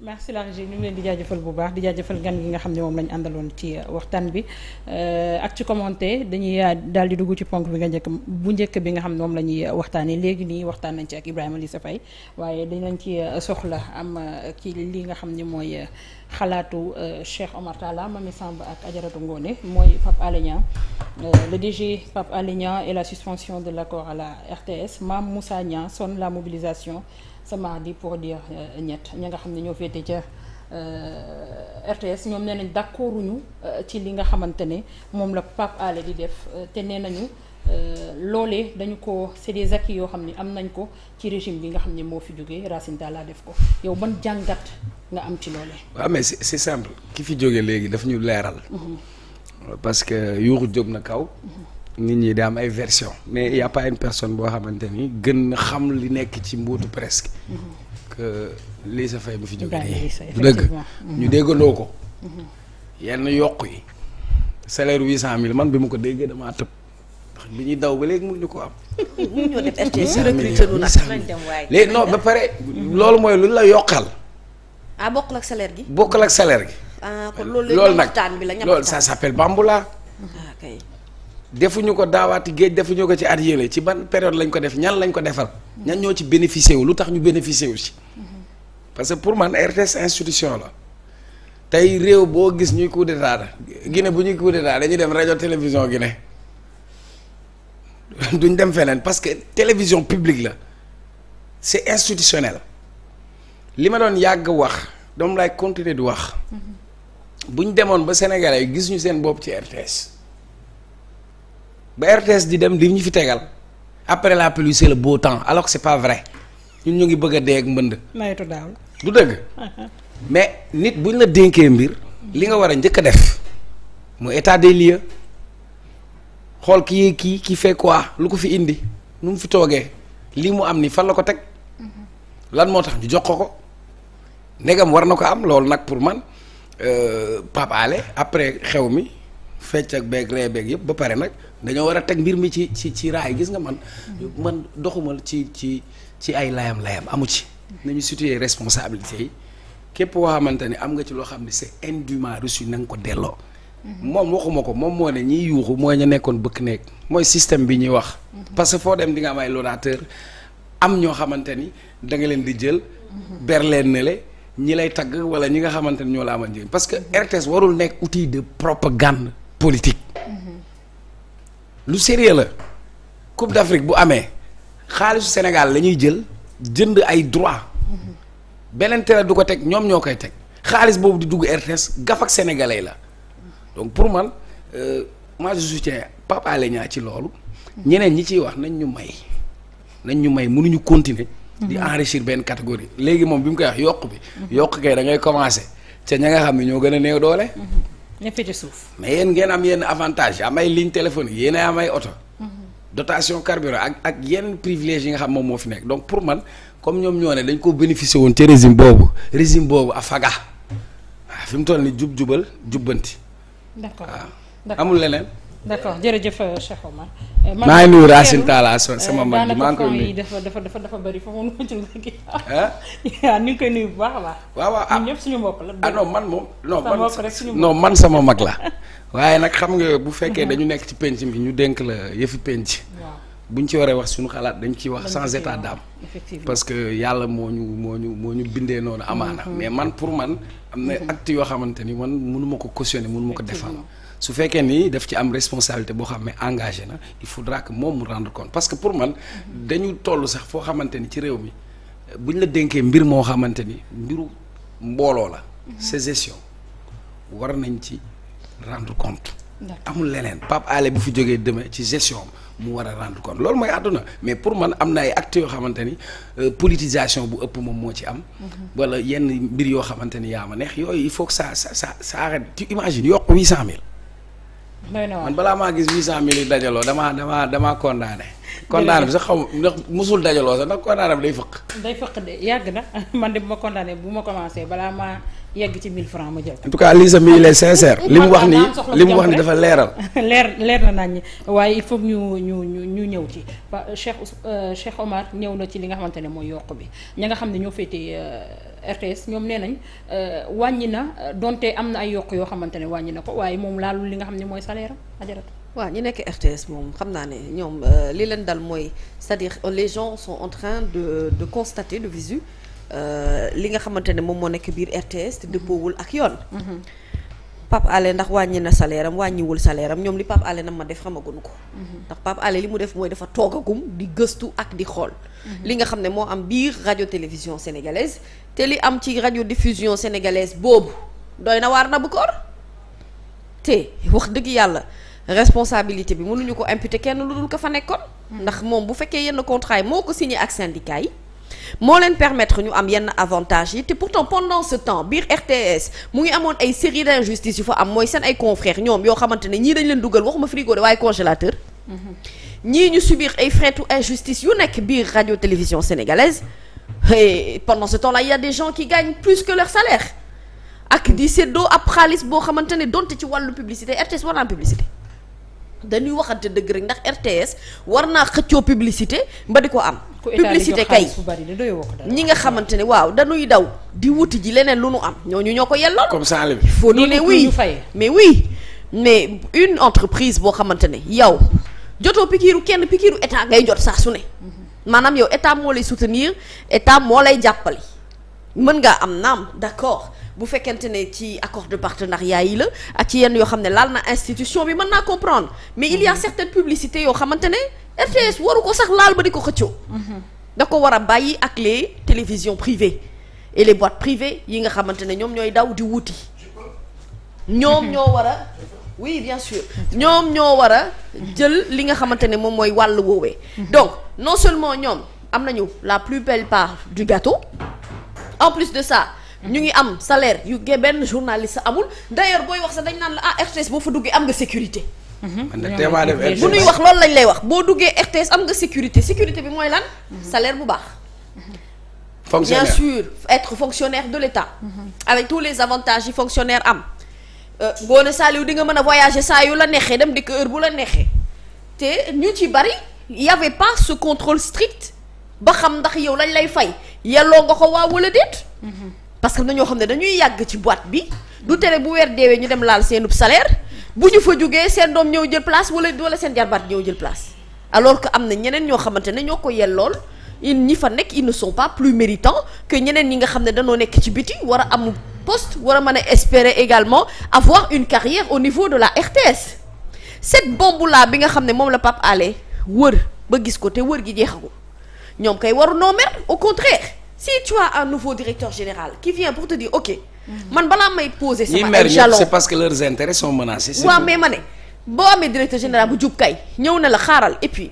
merci Largé ñu ngi leen di jaajëfal bu baax di jaajëfal gan gi nga xam ne moom lañu àndaloon ci euh, waxtaan bi euh, ak ci commenté dañuy euh, daal di dugg ci ponk bi nga njëkk bu njëkk bi nga xam ne moom la ñuy waxtaanee léegi nii waxtaan nañ ci ak Ibrahima Lissa Faye waaye dañ lañ ci soxla am ci li nga xam ne mooy xalaatu Cheikh Omar Talla Mamy Samb ak Ajaratu ngoone mooy Pape Alé le DG Pape Alé Niang et la suspension de l'accord à la RTS Mame Moussa Niang sonne la mobilisation ce di pour dire euh, ñett ña nga xam ne ñoo féete ca euh, RTS ñoom ne nañ d'accorduñu euh, ci li nga xamante ne moom la Pape Alé di def te nee nañu loolee dañu ko c'est des acquis yoo xam ne am nañ ko ci régime bi nga xam ne moo fi jógee Racine laa def ko yow man jàngat nga am ci loolee. waaw mais c'est c'est ki fi jóge léegi daf ñu leeral. Mm-hmm. parce que yuuxu jóg na kaw. Mm-hmm. nit ñi daa am ay version mais y pas une personne boo xamante ni gën na xam li nekk ci mbuutu presque que Lissa Faye bu fi jógee nii bu dëgg ñu déggandoo ko mm-hmm. yenn yokk yi salaire huit cent mille man bi mu ko déggee damaa tëb bi ñuy daw ba léegi mënuñu ko am ñoo def RTS recruter lu nag léegi non ba pare loolu mooy lu ñu la yokkal ah bokkul ak salaire gi bokkul ak salaire gi ah kon loolu loolu nag loolu ça s'appelle bambula ah kay defuñu ko daawaati géej defuñu ko ci at yële ci ban période lañ ko def ñan lañ ko defal ñan ñoo ci bénéficier wu lu tax ñu bénéficier wu si. parce que pour man RTS institution la tey réew boo gis ñuy coup d'état Guinée bu ñuy coup d'état dañuy dem rajo télévision Guinée duñ dem feneen parce que télévision publique la c'est institutionnel li ma doon yàgg wax doom laay continuer du wax buñ demoon ba Sénégalais gis ñu seen bopp ci RTS ba RTS di dem li ñu fi tegal. après la pluie la boo temps alors que c'est pas vrai ñun ñu ngi bëgg a dee ak mbënd. nawetu daaw la du dëgg. mais nit buñ la dénkee mbir. li nga war a njëkk a def mu état des lieux xool kii kii kii fait quoi lu ko fi indi nu mu fi toogee lii mu am ni fan la ko teg lan moo tax ñu jox ko ko ndegam war na ko am loolu nag pour man euh, Pape Alé après xew mi. fecc ak beeg ree beeg yëpp ba pare nag dañoo war a teg mbir mi ci ci ci raay gis nga man man doxuma ci ci ci ay layam-layam amu ci nañu situer responsabilité yi képp koo xamante ne am nga ci loo xam ne c'est indûment reçu na nga ko delloo mhm. moom waxuma ko moom moo ne ñiy yuuxu mooy ñu nekkoon bëkk nekk mooy système bi ñuy wax mhm. parce que foo dem di nga am ay laudateur am ñoo xamante ni da leen di jël mhm. ber leen ne ñi lay tagg wala ñi nga xamante ni ñoo la amal njëriñ parce que RTS warul nekk outil de propagande politique lu sérieux la coupe d'Afrique bu amee xaalisu Sénégal lañuy jël jënd ay droit beneen télé du ko teg ñoom ñoo koy teg xaalis boobu di dugg RTS gaf ak sénégalais la donc pour man euh, moi je soutiens Pape ci loolu ñeneen ñi ciy wax nañ ñu may nañ ñu may mënuñu continuer di mhm. enrichir benn catégorie léegi moom bi mu koy wax yokk bi mhm. yokk kay da commencer ca ña nga xam ne ñoo gën a néew doole mhm. ñëpp ci suuf. mais yéen ngeen am yenn avantage am ay ligne téléphone yéen a am ay oto. dotation carburant ak ak yenn privilège yi nga xam moom moo fi nekk donc pour man comme ñoom ñoo ne dañ ko bénéficier woon ci régime boobu régime boobu a faga waaw ah, fi mu toll ni jub jubal jubbanti. d'accord waaw ah. amul leneen. d'accord jërëjëf euh, Cheikh Omar. Euh, maa ngi nuyu Racine Talla euh, sama mag bi maa ngi koy nuyu dafa dafa dafa dafa bëri foofu moom ci ah bu baax baax. waaw waaw ah ñëpp suñu mbokk ah, man moom. non man sama mag la. waaye nag xam nga bu fekkee dañu nekk ci penc mi ñu denk la yëfi penc. buñ ci waree wax suñu xalaat dañu ciy wax sans état d'âme parce que yàlla moo ñu moo ñu moo ñu bindee noonu amaana. Mm-hmm. mais man pour man am na mm-hmm. acte yoo xamante ni man mënu ko cautionner mënu ma ko défendre su fekkee ni daf ci am responsabilité boo xam ne engagé na il faudra que moom mu rendre compte parce que pour man dañu toll sax foo xamante ni ci réew mi bu ñu la dénkee mbir moo xamante ni mbiru mbooloo la. Mhm. sa gestion war nañ ci rendre compte. amul leneen Pape Alé bu fi jógee demee ci gestion mu war a rendre compte loolu mooy àdduna mais pour man am na ay actes yoo xamante ni euh, politisation bu ëpp moom moo ci am. Mhm. wala yenn mbir yoo xamante ni yaa ma neex yooyu il faut que ça ça ça ça arrête tu yokk huit cent mille. man balaa maa gis huit cent mille yi dajaloo damaa damaa damaa condamné. condamné bi sax xaw ndax musul dajaloo sax ndax condamné bi day fëq. day fëq de yàgg na man de bu ma condamné bu ma commencé balaa ma yegg ci 1000 francs ma jël. en tout cas Lisa mi il est li mu wax ni li mu wax ni dafa leeral. leer leer na nañ ñi waaye il faut ñu ñu ñu ñëw ci Cheikh euh, Cheikh Omar ñëw na ci li nga xamante ne mooy yokk bi ña nga xam ne ñoo féetee. Euh, RTS ñoom nee nañ euh, wàññi na donte am na ay yokk yoo xamante ne wàññi na ko waaye moom laalul li nga xam ne mooy salaire am waa ñu nekk RTS moom xam naa ne ñoom euh, li leen dal mooy c'est-à-dire les gens sont en train de de constater de visu euh, li nga xamante ne moom moo nekk biir RTS te dëppoowul ak yoon mm-hmm. Pape Alé ndax wàññi na salaire am wàññiwul salaire am ñoom li Pape Alé na ma def xamaguñu ko mhm. ndax Pape Alé li mu def mooy dafa toogagum di gëstu ak di xool mhm. li nga xam ne moo am biir radio télévision sénégalaise te li am ci radio diffusion sénégalaise boobu doy na waar na bu koor te wax dëgg yàlla responsabilité bi mënuñu ko imputer kenn lu dul ko fa nekkoon mhm. ndax moom bu fekkee yenn contrat yi moo ko signé ak syndicat yi moo leen permettre ñu am yenn avantage yi te pourtant pendant ce temps biir RTS mu ngi amoon ay série d'injustices yu fa am mooy seen ay confrères ñoom yoo xamante ne ñii dañ leen dugal waxuma frigo de waaye congélateur mm-hmm. ñii ñu subir ay freitu injustice yu nekk biir radio télévision sénégalaise et pendant ce temps là il y a des gens qui gagnent plus que leur salaire ak di seddoo ab xaalis boo xamante ne donte ci wàllu publicité RTS war na am publicité dañuy waxante dëgg rek ndax RTS war naa xëccoo publicité mba di ko am. publicité kay ñi nga xamante ne waaw dañuy daw di wuti ji leneen lu nu am ñooñu ñoo ko yelloon. foo ça il faut ñu ne mais oui mais une entreprise boo xamante ne yow jotoo pikiiru kenn pikiiru état ngay jot saa su ne. maanaam yow état moo lay soutenir état moo lay jàppale. mën ngaa am naam d'accord. bu fekkente ne ci accord de partenariat yi la ak ci yenn yoo xam ne laal na institution bi mën naa comprendre mais il y a mhm. certaines yoo xamante ne RTS waru ko sax laal ba di ko xëccoo. nda mhm. ko war a bàyyi ak les télévisions privées et les boîtes privées yi nga xamante ne ñoom ñooy daw di wuti. ñoom mhm. ñoo war a. oui bien sûr ñoom ñoo war a jël li nga xamante ne moom mooy wàll woowee. donc non seulement ñoom am nañu la plus belle part du gâteau en plus de ça. ñu ngi am salaire yu benn journaliste amul d'ailleurs booy wax sax dañ naan la ah RTS boo fa duggee am nga sécurité. Mm-hmm. man de tey maa def RTS bu nuy wax loolu lañ lay wax boo duggee RTS am nga sécurité sécurité bi mooy lan. Mm-hmm. salaire bu baax. Mm-hmm. fonctionnaire bien sûr être fonctionnaire de l'État. avec tous les avantages yi fonctionnaire am. Euh, Ngoné Saliou di nga mën a voyager saa yu la neexee dem dikk heure bu la neexee te ñu ci bari y avait pas ce contrôle strict ba xam ndax yow lañ lay fay yelloo nga waaw wala déet. parce que am xam ne dañuy yàgg ci boîte bi du tere bu weer deewee ñu dem laal seenub salaire bu ñu fa jógee seen doom ñëw jël place wala wala seen jarbaat ñëw jël place alors que am na ñeneen ñoo xamante ne ñoo ko yellool il ñi fa nekk ils ne sont pas plus méritants que ñeneen ñi nga xam ne dañoo nekk ci biti war a am poste war a mën a espérer également avoir une carrière au niveau de la RTS cette bombe là bi nga xam ne moom la Pape Alé wër ba gis ko te wër gi jeexagul ñoom kay waru noo mer au contraire si tu as un nouveau directeur général qui vient pour te dire ok man balaa may poser c'est parce que leurs intérêts sont menacés waaw mais ma ne boo amee directeur général bu jub kay ñëw na la xaaral et puis